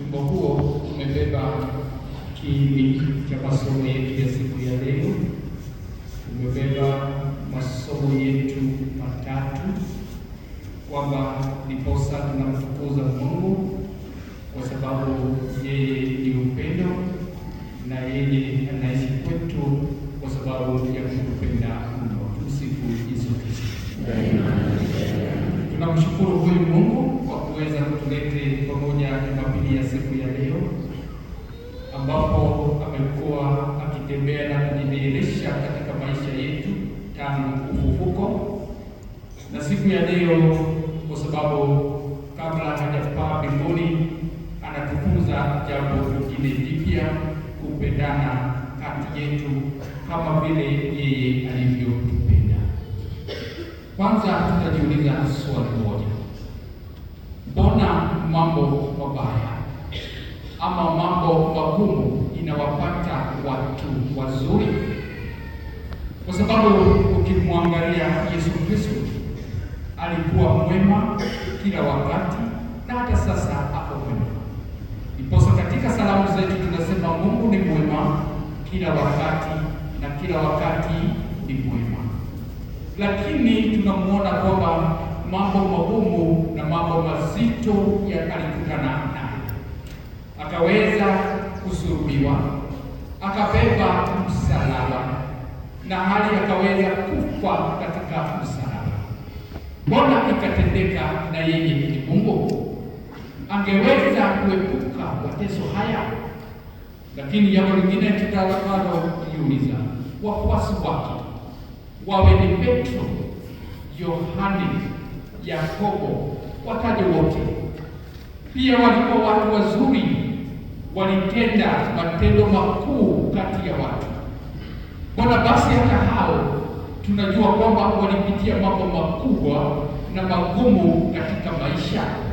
Wimbo huo umebeba kiini cha masomo yetu ya siku ya leo, umebeba masomo yetu matatu, kwamba niposa tunamtukuza Mungu kwa sababu yeye ni upendo na yeye anaishi kwetu kwa sababu ya kutupenda mno. Tumsifu Yesu Kristo. Tunamshukuru huyu Mungu kwa kuweza kutulete pamoja ya siku ya leo, ambapo amekuwa akitembea na kujidhihirisha katika maisha yetu tangu ufufuko. Na siku ya leo, kwa sababu kabla hajapaa mbinguni, anatufunza jambo lingine jipya, kupendana kati yetu kama vile yeye alivyotupenda. Kwanza tutajiuliza swali moja, mbona mambo mabaya ama mambo magumu inawapata watu wazuri, kwa sababu ukimwangalia Yesu Kristo alikuwa mwema kila wakati na hata sasa hapo mwema. Iposa katika salamu zetu tunasema Mungu ni mwema kila wakati na kila wakati ni mwema, lakini tunamwona kwamba mambo magumu na mambo mazito ya alikutana akaweza kusurubiwa, akabeba msalaba na hali akaweza kufa katika msalaba. Mbona ikatendeka na yeye ni Mungu? Angeweza kuepuka mateso haya, lakini jambo lingine tutatakalo kujiuliza, wafuasi wake wawe ni Petro, Yohane, Yakobo, wakaje wote pia walikuwa watu wazuri kutenda matendo makuu kati ya watu. Bwana, basi hata hao tunajua kwamba walipitia mambo makubwa na magumu katika maisha